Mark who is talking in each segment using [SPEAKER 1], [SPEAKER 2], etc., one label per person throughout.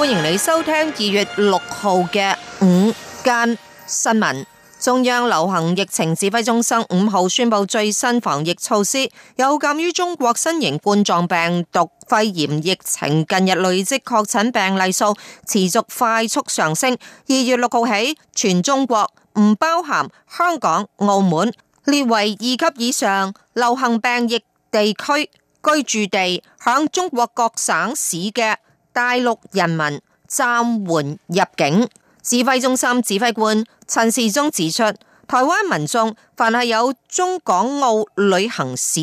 [SPEAKER 1] 歡迎你收聽二月六號嘅午間新聞。中央流行疫情指揮中心五號宣布最新防疫措施，有鑒於中國新型冠狀病毒肺炎疫情近日累積確診病例數持續快速上升，二月六號起，全中國唔包含香港、澳門列為二級以上流行病疫地區居住地，響中國各省市嘅。大陸人民暫緩入境，指揮中心指揮官陳時中指出，台灣民眾凡係有中港澳旅行史、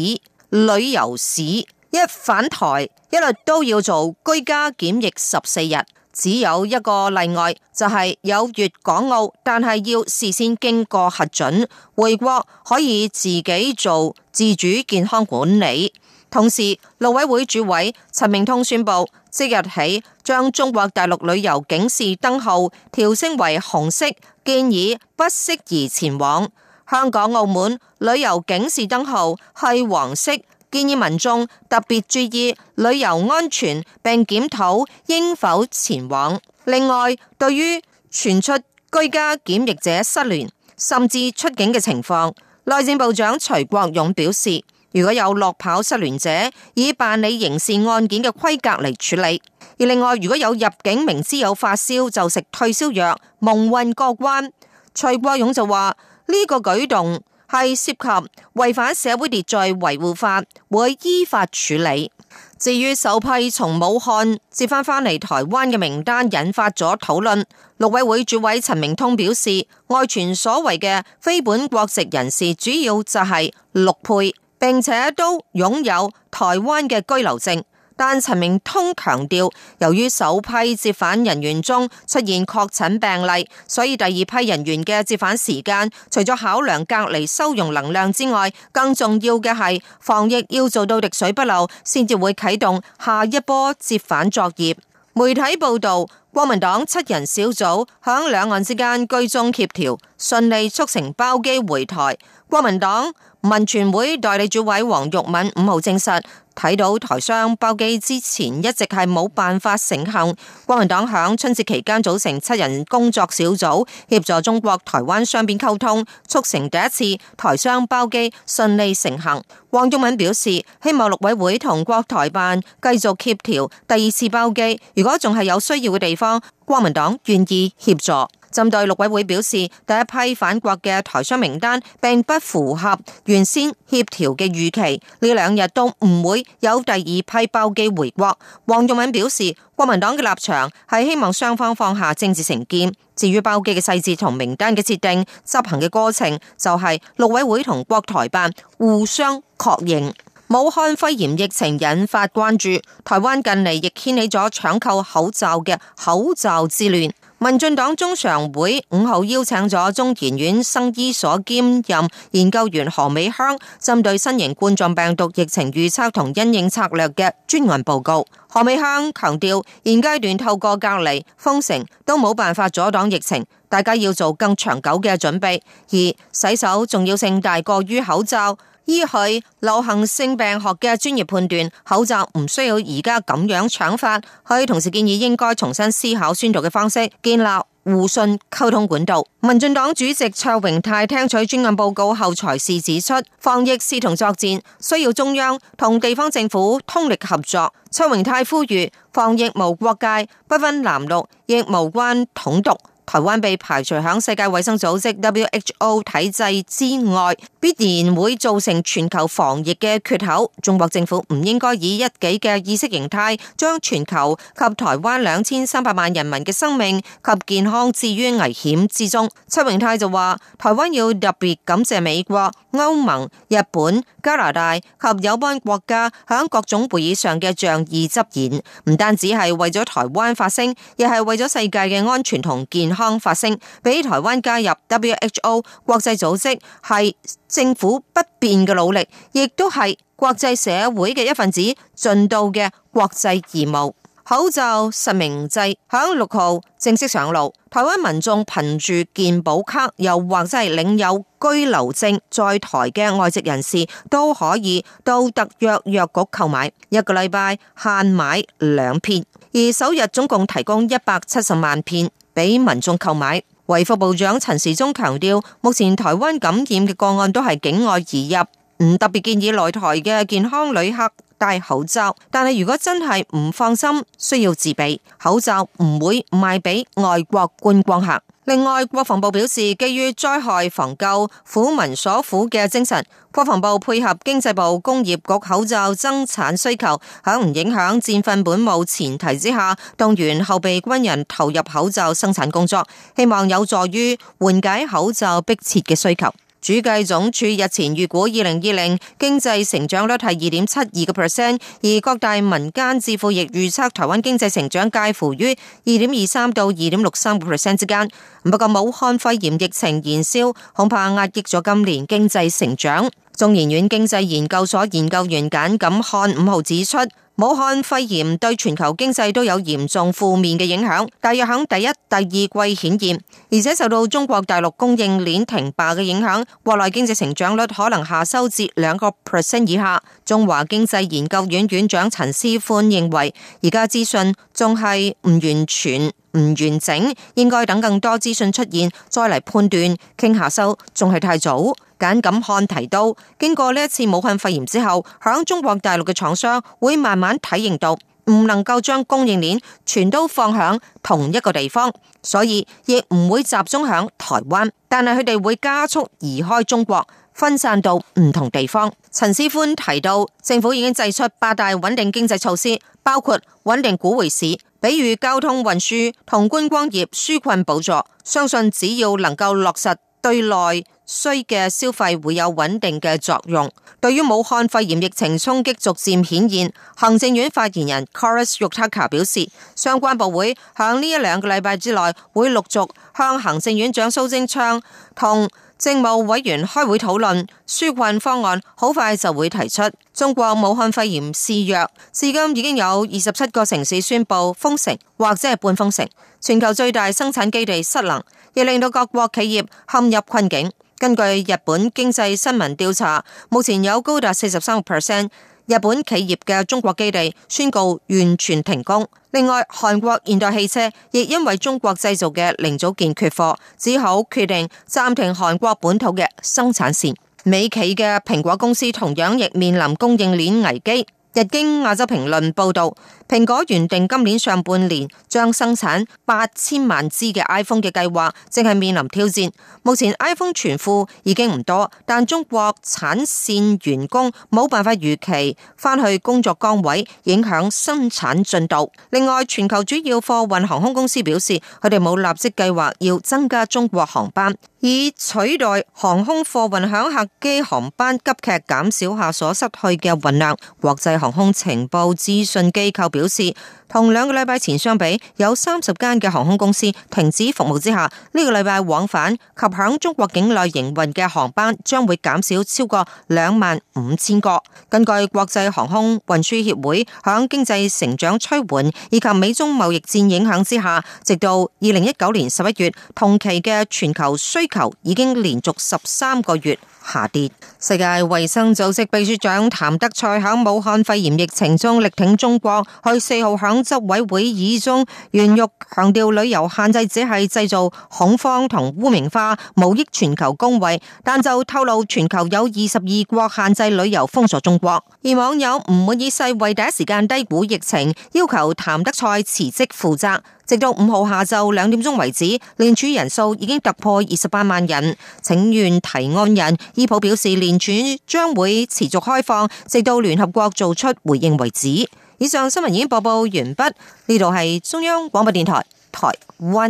[SPEAKER 1] 旅遊史，一返台一律都要做居家檢疫十四日。只有一個例外，就係、是、有粵港澳，但係要事先經過核准，回國可以自己做自主健康管理。同時，陸委會主委陳明通宣布，即日起將中國大陸旅遊警示燈號調升為紅色，建議不適宜前往香港、澳門旅遊警示燈號係黃色。建議民眾特別注意旅遊安全，並檢討應否前往。另外，對於傳出居家檢疫者失聯甚至出境嘅情況，內政部長徐國勇表示，如果有落跑失聯者，以辦理刑事案件嘅規格嚟處理。而另外，如果有入境明知有發燒就食退燒藥蒙混過關，徐國勇就話呢個舉動。係涉及違反社會秩序維護法，會依法處理。至於首批從武漢接翻翻嚟台灣嘅名單引發咗討論，陸委會主委陳明通表示，外傳所謂嘅非本國籍人士，主要就係陸配，並且都擁有台灣嘅居留證。但陳明通強調，由於首批接返人員中出現確診病例，所以第二批人員嘅接返時間，除咗考量隔離收容能量之外，更重要嘅係防疫要做到滴水不漏，先至會啟動下一波接返作業。媒體報導，國民黨七人小組響兩岸之間居中協調，順利促成包機回台。國民黨。民權會代理主委黃玉敏五號證實，睇到台商包機之前一直係冇辦法成行。國民黨響春節期間組成七人工作小組協助中國台灣雙邊溝通，促成第一次台商包機順利成行。黃玉敏表示，希望陸委會同國台辦繼續協調第二次包機，如果仲係有需要嘅地方，國民黨願意協助。針對陸委會表示，第一批返國嘅台商名單並不符合原先協調嘅預期，呢兩日都唔會有第二批包機回國。黃玉敏表示，國民黨嘅立場係希望雙方放下政治成見，至於包機嘅細節同名單嘅設定執行嘅過程，就係、是、陸委會同國台辦互相確認。武漢肺炎疫情引發關注，台灣近嚟亦掀起咗搶購口罩嘅口罩之亂。民進黨中常會五號邀請咗中研院生醫所兼任研究員何美香，針對新型冠狀病毒疫情預測同因應策略嘅專案報告。何美香強調，現階段透過隔離封城都冇辦法阻擋疫情，大家要做更長久嘅準備。而，洗手重要性大過於口罩。依佢流行性病學嘅專業判斷，口罩唔需要而家咁樣搶法。佢同時建議應該重新思考宣讀嘅方式，建立互信溝通管道。民進黨主席卓榮泰聽取專案報告後，才是指出防疫視同作戰，需要中央同地方政府通力合作。卓榮泰呼籲防疫無國界，不分藍綠，亦無關統獨。台灣被排除響世界衛生組織 WHO 體制之外，必然會造成全球防疫嘅缺口。中國政府唔應該以一己嘅意識形態，將全球及台灣兩千三百萬人民嘅生命及健康置於危險之中。邱永泰就話：台灣要特別感謝美國、歐盟、日本、加拿大及有關國家響各種會議上嘅仗義執言，唔單止係為咗台灣發聲，亦係為咗世界嘅安全同健康。康發聲，俾台灣加入 WHO 國際組織係政府不變嘅努力，亦都係國際社會嘅一份子盡到嘅國際義務。口罩實名制響六號正式上路，台灣民眾憑住健保卡，又或者係領有居留證，在台嘅外籍人士都可以到特約藥局購買，一個禮拜限買兩片，而首日總共提供一百七十萬片，俾民眾購買。衛福部長陳時中強調，目前台灣感染嘅個案都係境外移入，唔特別建議來台嘅健康旅客戴口罩。但係如果真係唔放心，需要自備口罩，唔會賣俾外國觀光客。另外，國防部表示，基於災害防救苦民所苦嘅精神，國防部配合經濟部工業局口罩增產需求，響唔影響戰訓本務前提之下，動員後備軍人投入口罩生產工作，希望有助於緩解口罩迫切嘅需求。主計總署日前預估二零二零經濟成長率係二點七二個 percent，而各大民間智庫亦預測台灣經濟成長介乎於二點二三到二點六三個 percent 之間。不過武漢肺炎疫情燃燒，恐怕壓抑咗今年經濟成長。中研院經濟研究所研究員簡錦漢五號指出。武漢肺炎對全球經濟都有嚴重負面嘅影響，大約喺第一、第二季顯現，而且受到中國大陸供應鏈停罷嘅影響，國內經濟成長率可能下修至兩個 percent 以下。中華經濟研究院院長陳思寬認為，而家資訊仲係唔完全。唔完整，應該等更多資訊出現再嚟判斷，傾下收仲係太早。簡錦漢提到，經過呢一次武漢肺炎之後，響中國大陸嘅廠商會慢慢體認到，唔能夠將供應鏈全都放響同一個地方，所以亦唔會集中響台灣，但係佢哋會加速移開中國。分散到唔同地方。陳思歡提到，政府已經祭出八大穩定經濟措施，包括穩定股匯市，比如交通運輸同觀光業紓困補助。相信只要能夠落實，對內需嘅消費會有穩定嘅作用。對於武漢肺炎疫情衝擊逐漸顯現，行政院發言人 Kolas Yotaka 表示，相關部會響呢一兩個禮拜之內會陸續向行政院長蘇貞昌同。政務委員開會討論紓困方案，好快就會提出。中國武漢肺炎肆虐，至今已經有二十七個城市宣布封城或者係半封城。全球最大生產基地失能，亦令到各國企業陷入困境。根據日本經濟新聞調查，目前有高達四十三個 percent。日本企業嘅中國基地宣告完全停工。另外，韓國現代汽車亦因為中國製造嘅零組件缺貨，只好決定暫停韓國本土嘅生產線。美企嘅蘋果公司同樣亦面臨供應鏈危機。日經亞洲評論報道，蘋果原定今年上半年將生產八千萬支嘅 iPhone 嘅計劃，正係面臨挑戰。目前 iPhone 存貨已經唔多，但中國產線員工冇辦法如期返去工作崗位，影響生產進度。另外，全球主要貨運航空公司表示，佢哋冇立即計劃要增加中國航班，以取代航空貨運響客機航班急劇減少下所失去嘅運量。國際航航空情報資訊機構表示，同兩個禮拜前相比，有三十間嘅航空公司停止服務之下，呢個禮拜往返及響中國境內營運嘅航班將會減少超過兩萬五千個。根據國際航空運輸協會，響經濟成長趨緩以及美中貿易戰影響之下，直到二零一九年十一月同期嘅全球需求已經連續十三個月。下跌。世界衛生組織秘書長譚德賽響武漢肺炎疫情中力挺中國，去四號響執委會議中，原欲強調旅遊限制只係製造恐慌同污名化，無益全球公衛。但就透露全球有二十二國限制旅遊封鎖中國。而網友唔滿意世衛第一時間低估疫情，要求譚德賽辭職負責。直到五號下晝兩點鐘為止，聯署人數已經突破二十八萬人。請願提案人伊普表示，聯署將會持續開放，直到聯合國做出回應為止。以上新聞已經播報完畢，呢度係中央廣播電台，台灣